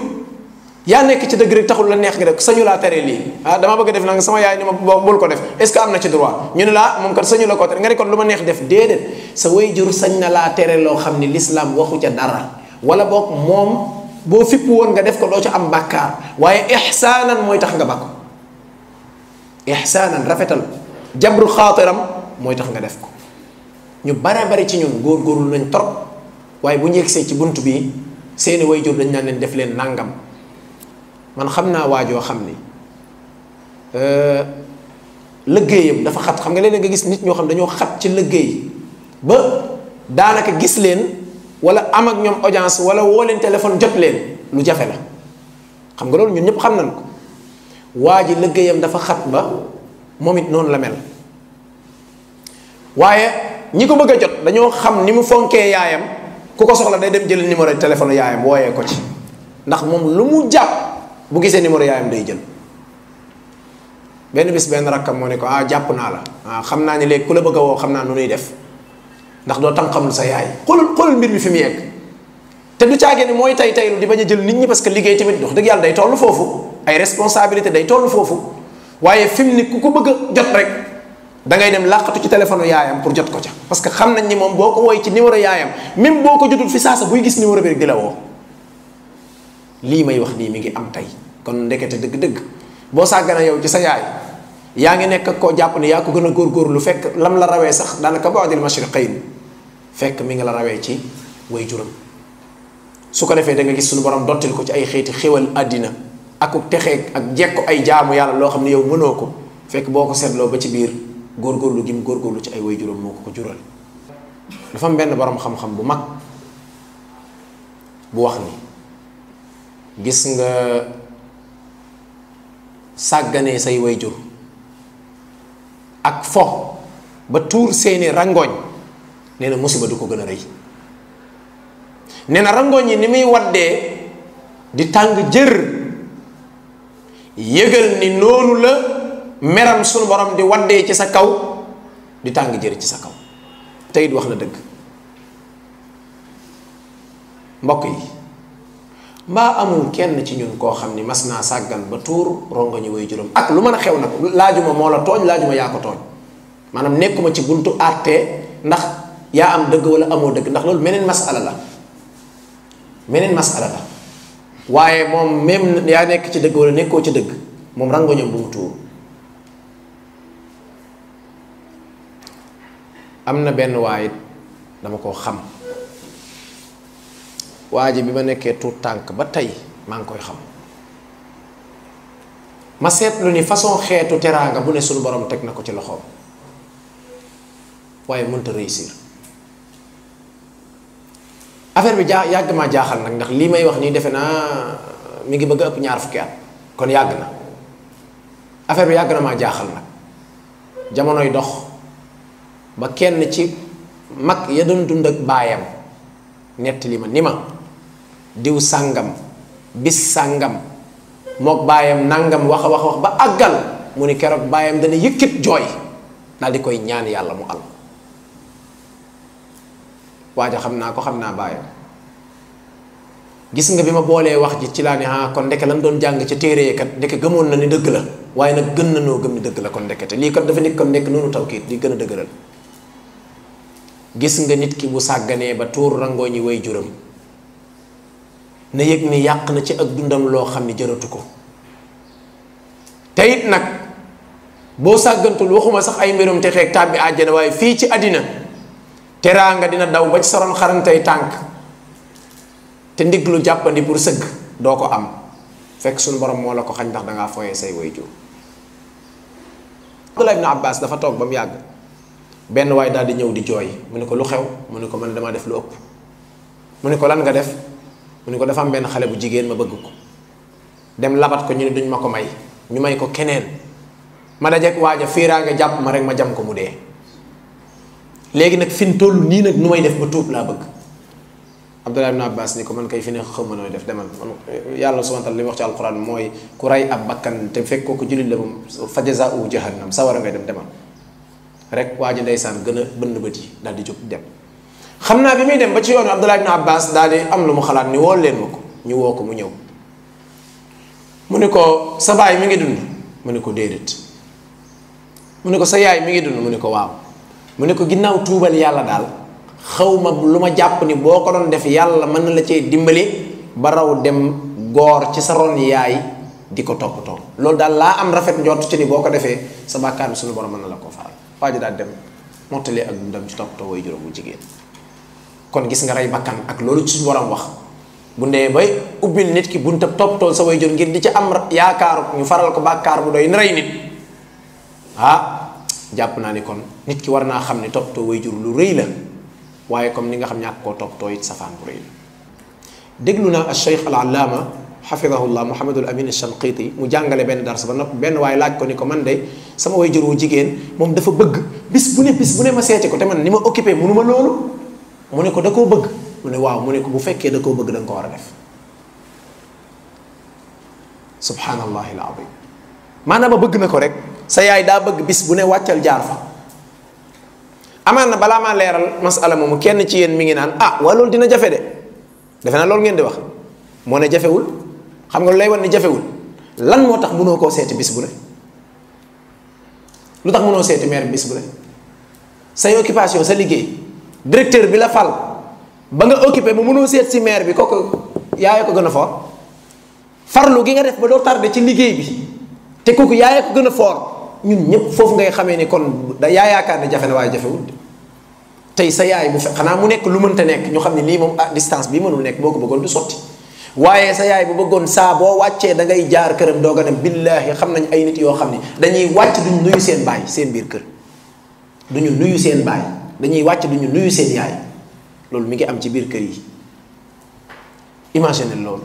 [SPEAKER 2] ya nek ci dëgg rek taxul la neex rek sañu la téré li ah dama bëgg def nak sama yaay ni ma bul ko def est ce amna ci droit ñu la laa ah, sañu la ko téré nga luma neex def dédé sa wayjur sañ na la téré lo xamni l'islam waxu ca dara wala bok mom boo fipp woon nga def ko doo ci am bàkkaar waaye ixsaanan mooy tax nga ba ko ixsaanan rafetal jabru xaatiram mooy tax nga def ko ñu bare bari ci ñun góor-góorlu nañ trop waaye bu ñu yegsee ci bunt bi seeni wayjur dañ naan leen def leen nàngam man xam naa waajoo xam ni euh, liggéeyam dafa xat xam nga leen nga gis nit ñoo xam dañoo xat ci liggéey ba daanaka gis leen wala am ak ñoom audience wala woo leen téléphone jot leen lu jafe la xam nga loolu ñun ñëpp xam nañ ko waa ji liggéeyam dafa xat ba moom it noonu la mel waaye ñi ko bëgg a jot dañoo xam ni mu fonkee yaayam ku ko soxla day dem jël numéro téléphone yaayam wooyee ko ci ndax moom lu mu jàpp bu gisee numéro yaayam day jël benn bis benn rakkam moo ne ko ah jàpp naa la ah xam naa ne léegi ku la bëgg a woo xam naa nu nuy def. ndax doo tam xamul sa yaay xoolal xoolal mbir mi fi mu yegg te du caage ni mooy tay taylu di bañ a jël nit ñi parce que liggéey tamit dox dëgg yàlla day toll foofu ay responsabilité day toll foofu waaye fi mu ni ku ko bëgg jot rek da ngay dem làqatu ci téléphone yaayam pour jot ko ca parce que xam nañ ni moom boo ko woy ci numéro yaayam même boo ko jotul fi saasa buy gis numéro bi rek di la woo lii may wax nii mi ngi am tey kon ndekete dëgg-dëgg boo sàggana yow ci sa yaay yaa ngi nekk koo jàpp ne yaa ko gën a góor góorgóorlu fekk lam la rawee sax daanaka baadil mashriqayn fekk mi ngi la rawee ci way juram su ko defee danga gis suñu borom dottil ko ci ay xeeti xéwal àddina akuk texeeg ak jekk ay jaamu yàlla loo xam ne yow mënoo ko fekk boo ko seetloo ba ci biir góorgóorlu gi mu góorgóorlu ci ay way juram moo ko ko jural dafa am benn borom xam-xam bu mag bu wax ni gis nga sàgganee say way jur ak fo ba tuur seeni rangooñ nee na musiba du ko gën a rëy nee na rangooñ yi ni muy waddee di tàng jër yëgal ni noonu la meram sunu borom di waddee ci sa kaw di tàng jër ci sa kaw di wax na dëgg mbokk yi mbaa amul kenn ci ñun koo xam ni mas naa sàggan ba tuur rongo ñu way juróom ak lu mën a xew nag laajuma moo la tooñ laajuma yaa ko tooñ maanaam nekkuma ci buntu àtte ndax yaa am dëgg wala amoo dëgg ndax loolu meneen masala la meneen masala la waaye moom même yaa nekk ci dëgg wala nekkoo ci dëgg moom rangoñam bu mu am na benn waayit dama koo xam waji bima ma tout tank ba tay mang koy xam ma seetlu ni façon xeetu teranga bu ne sunu borom tek nako ci loxom waye mën ta réussir affaire bi jaa ma maa jaaxal nag ndax lii may wax ni defena mi ngi bëgg ëpp ñaar fukki at kon yàgg na affaire bi yàgg na maa jaaxal jamono yi dox ba kenn ci mak ya doon dund ak bayam nettali lima nima diw sàngam bis sàngam mook baayam nangam wax a wax wax ba àggal mu ni keroog baayam dana yëkkit jooy dal di koy ñaan yàlla mu al waaja xam naa ko xam naa baayam gis nga bi ma boolee wax ji ci laa ne ah kon ndeke lan doon jàng ca téere kat ndeke gëmoon na ni dëgg la waaye nag gën na noo gëm ni dëgg la kon ndekete lii kat dafa nekk kon nekk noonu tawkiit di gën a dëgëral gis nga nit ki bu sàgganee ba tuur rangoo ñi way juróom na yek ni yak na ci ak dundam lo xamni ni jëratu ko teyit nag boo sàggantul waxuma sax ay mbirum te xek tabbi aljana way fi ci adina teranga dina daw ba ci saroon xarantay tank te ndiglu jappandi pour seug doo ko am fek sun borom mo la ko xagn ndax nga foye say wayju abdullah ibn abbas dafa tok bam yag dadinya way dal di ñew di joy muniko lu xew muniko man dama def lu upp muniko lan nga def mu ne ko dafa am benn xale bu jigéen ma bëgg ko dem labat ko ñu ne duñ ma ko may ñu may ko keneen ma dajeeg waaja fiiraange jàpp ma rek ma jam ko mu dee léegi nag fin toll nii nag nu may def ba tuub laa bëgg Abdullah ibn Abbas ni ko man kay fi ne xaw ma nooy def demal man yàlla subhaanahu wa taala li wax ci alquran mooy ku rey ab bakkan te fekk kooku jullit la moom fa jazaa'uhu jahannam sawara ngay dem demal rek waaja ndeysaan gën a bënn bët yi daal di jóg dem xamna bi mi dem ba ci yoonu abdullah ibn abbas dali am lu mu xalaat ni wol len mako ñu wo ko mu ñew mu ni ko sa bay mi ngi dund mu ni ko déedéet mu ni ko sa yaay mi ngi dund mu ni ko waaw mu ko tuubal yalla dal xawma ma lu ma ni boko don def yalla man la dimbali ba raw dem gor ci sa ron yaay di top top lol dal la am rafet njott ci ni boko defé sa bakkar suñu borom man la ko faal dem mottalee ak ndam ci way juro bu kon gis nga rey bakkan ak loolu ci suñu borom wax bu nee bay ubbil nit ki bunta topptool sa way jur ngir di ci am yaakaar ñu faral ko bàkkaar bu doy na rey nit ah, jàpp naa ni kon nit ki war naa xam ne toppatoo jur lu rëy la waaye comme ni nga xam ñàkk koo toppatoo it safaan bu rëy la déglu naa al cheikh al allaama xafidahullah muhammadul amin shanqiti mu jàngale benn darsa ba nopp benn waaye laaj ko ko man de sama way jur wu jigéen moom dafa bëgg bis bu ne bis bu ne ma seeti ko te man ni ma occupé mënuma loolu mu ne ko da ko bëgg mu ne waaw mu ne ko bu fekkee da ko bëgg da nga ko war a def subhanallah alazim maanaam bëgg na ko rek sa yaay daa bëgg bis bu ne wàccal jaar fa amaan na balaa maa leeral masala moomu kenn ci yéen mi ngi naan ah waa loolu dina jafe de defe naa loolu ngeen di wax moo ne jafewul xam nga lu lay wan ne jafewul lan moo tax mënoo koo seeti bis bu ne lu tax mënoo seeti meer bis bu ne sa occupation sa liggéey directeur bi la fal ba nga occupé ba mënoo seet si maire bi kooku yaaya ko gën a foor farlu gi nga def ba doo tardé ci liggéey bi te kooku yaaya ko gën a foor ñun ñëpp foofu ngay xamee ni kon da yaa yaakaar ne jafe na waaye jafewul tey sa yaay bu fekk xanaa mu nekk lu mënta nekk ñu xam ne lii moom à ah distance bi mënul nekk boo ko bëggoon du sotti waaye sa yaay bu bëggoon saa boo wàccee da ngay jaar këram doog a dem billaahi xam nañ ay nit yoo xam ne dañuy wàcc duñ nuyu seen baay seen biir kër duñu nuyu seen baay. dañuy wàcc duñu nuyu seen yaay loolu mi ngi am ci biir kër yi imagine loolu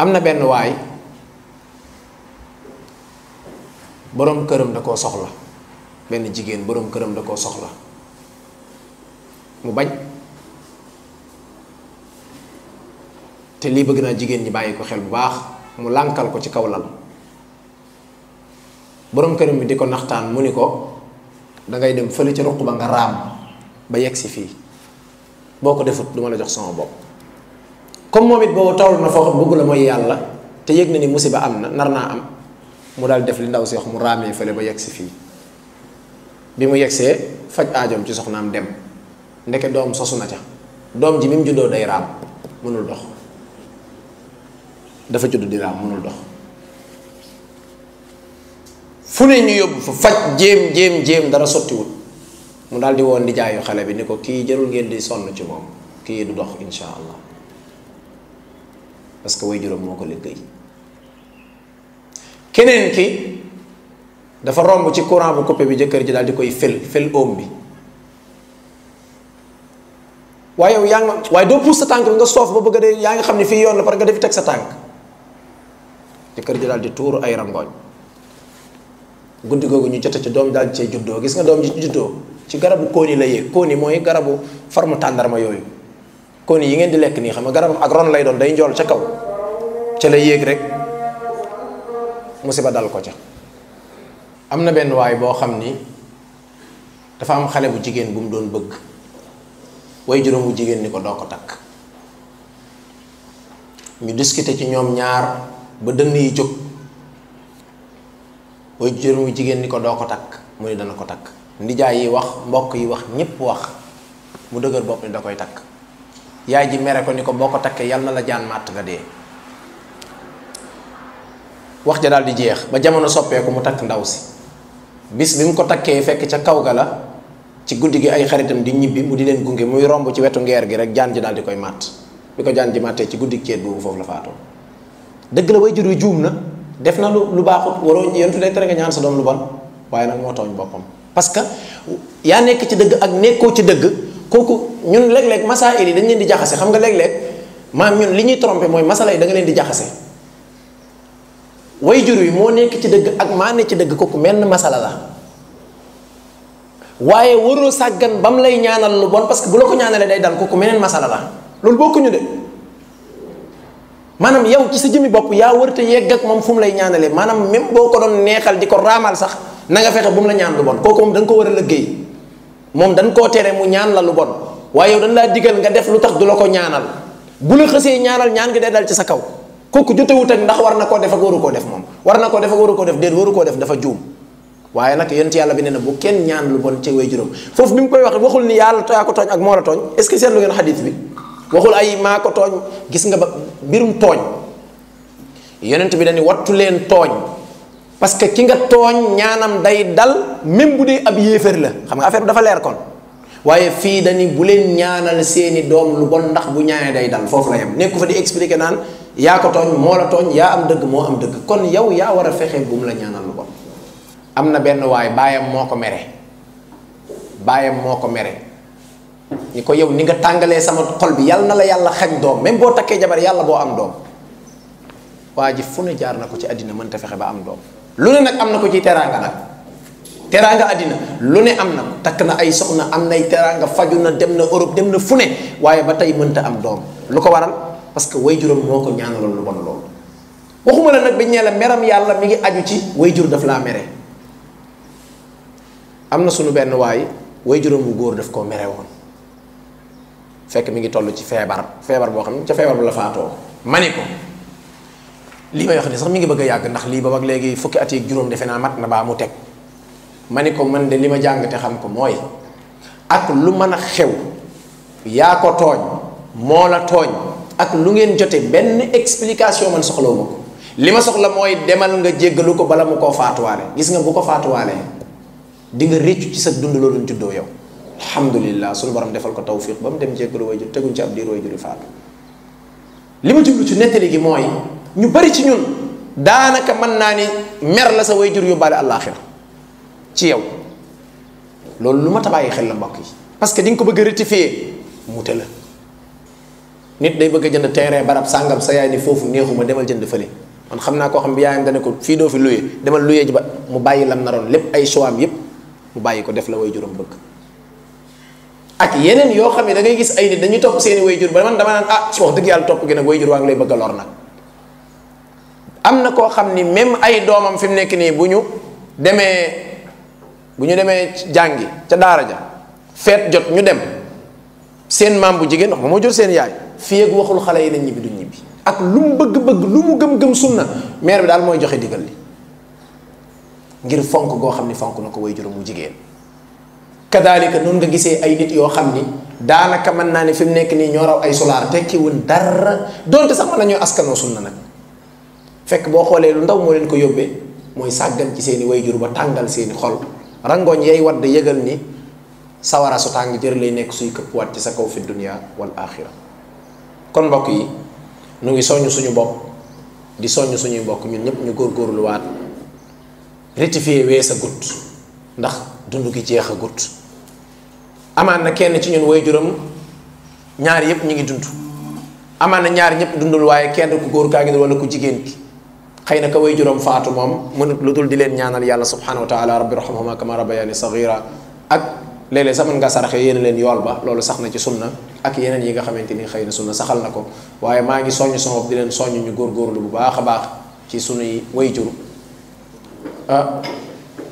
[SPEAKER 2] am na benn waay boroom këram da koo soxla benn jigéen boroom këram da koo soxla mu bañ te lii bëgg naa jigéen ñi bàyyi ko xel bu baax mu lànkal ko ci kaw lal boroom këram bi di ko naxtaan mu ni ko da ngay dem fële ci ruq ba nga raam ba yegg si fii boo ko defut duma la jox sama bopp comme moom it boobu tawul na foo xam bëgg la mooy yàlla te yëg na ni musiba am na nar naa am mu daal def li ndaw si wax mu raamee fële ba yegg si fii bi mu yegsee faj aajoom ci soxnaam dem ndeke doom sosu na ca doom ji bi mu juddoo day raam mënul dox dafa judd di raam mënul dox fu ne ñu yóbbu fa faj jéem jéem jéem dara sottiwul mu daal woon di xale bi ni ko kii jarul ngeen di sonn ci moom kii du dox insha allah parce que way juróom moo ko liggéey keneen ki dafa romb ci courant bu coupé bi jëkkër ji daal di koy fel fel oom bi waaye yow yaa ngi waaye doo puus sa tànk bi nga soof ba bëgg a dee yaa ngi xam ni fii yoon la parce que nga defi teg sa tànk jëkkër ji daal di tuur ay rangoñ guddi googu ñu jot ci doom daal di juddoo gis nga doom ji juddoo ci garabu kooni la yéeg kooni mooy garabu forme tàndarma yooyu kooni yi ngeen di lekk nii xam nga garabam ak ron lay doon day njool ca kaw ca la yéeg rek musiba dal ko ca am na benn waay boo xam ni dafa am xale bu jigéen bu mu doon bëgg way juróom bu jigéen ni ko doo ko takk ñu discuter ci ñoom ñaar ba dënn yi jóg way jur wi jigéen ni ko doo ko takk mu ni dana ko takk nijaay yi wax mbokk yi wax ñépp wax mu dëgër bopp ni da koy takk yaay ji mere ko ni ko boo ko takkee la jaan màtt nga dee wax ja daal di jeex ba jamono soppeeku mu takk ndaw si bis bi mu ko takkee fekk ca kaw ga la ci guddi gi ay xaritam di ñibbi mu di leen gunge muy romb ci wetu ngeer gi rek jaan ji daal di koy màtt bi ko jaan ji màttee ci guddi ceet boobu foofu la faatoo dëgg la way juru juum na def na lu lu baaxut waroo yontu day tere nga ñaan sa doom lu bon waaye nag moo tooñ boppam parce que yaa nekk ci dëgg ak nekkoo ci dëgg kooku ñun léeg-léeg masaa'il yi dañ leen di jaxase xam nga léeg-léeg maam ñun li ñuy trompé mooy masala yi da nga leen di jaxase way jur wi moo nekk ci dëgg ak maa ci dëgg kooku menn masala la waaye waroo sàggan ba mu lay ñaanal lu bon parce que bu la ko ñaanalee day dal kooku meneen masala la loolu bokkuñu de maanaam yow ci sa jëmmi bopp yaa wërte yegg ak moom fu mu lay ñaanalee maanaam même boo ko doon neexal di ko raamal sax na nga fexe bu mu la ñaan lu bon kooku moom da ko war a liggéey moom dañ koo tere mu ñaan la lu bon waaye yow dañ laa nga def lu tax du la ko ñaanal bu la xësee ñaanal ñaan nga day dal ci sa kaw kooku jotewut ak ndax war na koo def ak waru koo def moom war na koo def ak waru koo def déet waru koo def dafa juum waaye nag yonent yàlla bi nee na bu kenn ñaan lu bon ci way juróom foofu bi mu wax waxul ni yàlla yaa ko tooñ bi waxul ay maa ko tooñ gis nga ba mbirum tooñ yonent bi dañu wattu leen tooñ parce que ki nga tooñ ñaanam day dal même bu dee ab yéeféer la xam nga affaire bi dafa leer kon waaye fii dañu bu leen ñaanal seeni doom lu bon ndax bu ñaanee day dal foofu la yem nekku fa di expliquer naan yaa ko tooñ moo la tooñ yaa am dëgg moo am dëgg kon yow yaa war a fexee bu mu la ñaanal lu bon am na benn waaye baayam moo ko mere baayam moo ko mere ni ko yow ni nga tàngalee sama xol bi yàlla na la yàlla xañ doom même boo takkee jabar yàlla boo am doom waa ji fu ne jaar na ko ci àddina mënta fexe ba am doom lu ne nag am na ko ci teraanga nag teraanga lu ne am na takk na ay soxna am nay teraanga faju na dem na Europe dem na fu ne waaye ba tey mënta am doom lu ko waral parce que way juróom moo ko ñaanaloon lu bon loolu waxuma la nag biñ nee la meram yàlla mi ngi aju ci way jur daf laa mere am na sunu benn waay way juróom wu góor daf koo mere woon fekk mi ngi toll ci feebar feebar boo xam ne ca feebar bu la faatoo ma ni ko lii may wax ni sax mi ngi bëgg a yàgg ndax lii ba ak léegi fukki at juróom defe naa mat na baa mu teg ma ni ko man de li ma jàng te xam ko mooy ak lu mën a xew yaa ko tooñ moo la tooñ ak lu ngeen jote benn explication man soxlawu ma ko li ma soxla mooy demal nga jéggalu ko bala mu ko faatuwaale gis nga bu ko faatuwaalee di nga réccu ci sa dund loolu juddoo yow الحمد لله سونو بارام ديفال كو توفيق بام ديم جيغلو واي جو تيغون سي اب ديروي جو ريفات ليما جيبلو سي نيتالي جي موي ني بري سي نون دانكا مان ناني مير لا سا واي جور يوبال الاخره سي ياو لول لوما تباي خيل لا مباكي باسكو دينكو بغا ريتيفي موتلا نيت داي بغا جند تيري باراب سانغام سا ياي ني فوفو نيهوما ديمال جند فلي man xamna ko xam bi yaayam dana ko fi do fi luyé demal luyé ji ba mu bayyi lam naron lepp ay choix yépp mu bayyi ko def la way jurum bëgg ak yenen yo xam da ngay gis ay nit dañuy top seen wayjur ba man dama nan ah ci wax deug yalla top gene wayjur wa ngi lay bëgg a lor nak amna ko xamni même ay domam fim nek ni buñu démé buñu démé jangi ca dara ja fet jot ñu dem seen mam bu jigen ndax mo jor seen yaay fi ak waxul xalé yi nañ ñibbi du ñibi ak lu mu bëgg-bëgg lu mu gëm-gëm sunna mère bi dal moy joxe digal li ngir fonk go xamni fonk nako wayjur mu jigen kadalika noonu nga gisee ay nit yoo xam ni daanaka mën naa ne fi mu nekk nii ñoo raw ay solaar wun dara donte sax mën nañoo askanoo sunna nag fekk boo xoolee lu ndaw moo leen ko yóbbee mooy sàggan ci seeni wayjur ba tàngal seeni xol rangoñ yay yëgal ni sawara su tàng jër lay nekk suy këpp wat ci sa kaw fi dunia wal axira kon mbokk yi nu ngi soññ suñu bopp di soññ suñuy mbokk ñun ñëpp ñu góorgóorluwaat rectifier weesa gut ndax dundu gi jeexagut amaan na kenn ci ñun way juróom ñaar yëpp ñi ngi dund amaan na ñaar ñëpp dundul waaye kenn ku góor kaa ngi dund wala ku jigéen ki xëy na ka way juróom faatu moom mënut lu dul di leen ñaanal yàlla subhanahu wa taala rabbi rahmahuma kama rabbayani sagira ak léeg-léeg sax mën nga saraxe yéen leen yool ba loolu sax na ci sunna ak yeneen yi nga xamante ni xëy na sunna saxal na ko waaye maa ngi soññ sama di leen soññ ñu góor góorgóorlu bu baax a baax ci sunuy way jur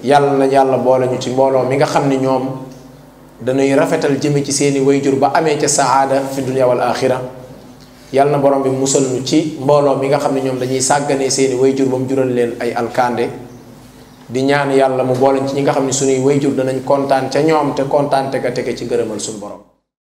[SPEAKER 2] yàlla na yàlla boole ñu ci mbooloo mi nga xam ne ñoom dañuy rafetal jëme ci seeni jur ba amee ca sa aada fi dunya wal axira yàlla na borom bi musal ñu ci mbooloo mi nga xam ne ñoom dañuy sàgganee seeni wayjur ba mu jural leen ay alkande
[SPEAKER 1] di ñaan yàlla mu boole ci ñi nga xam ne suñuy wayjur danañ kontaan ca ñoom te kontaan te ga ci ngërëmal suñu borom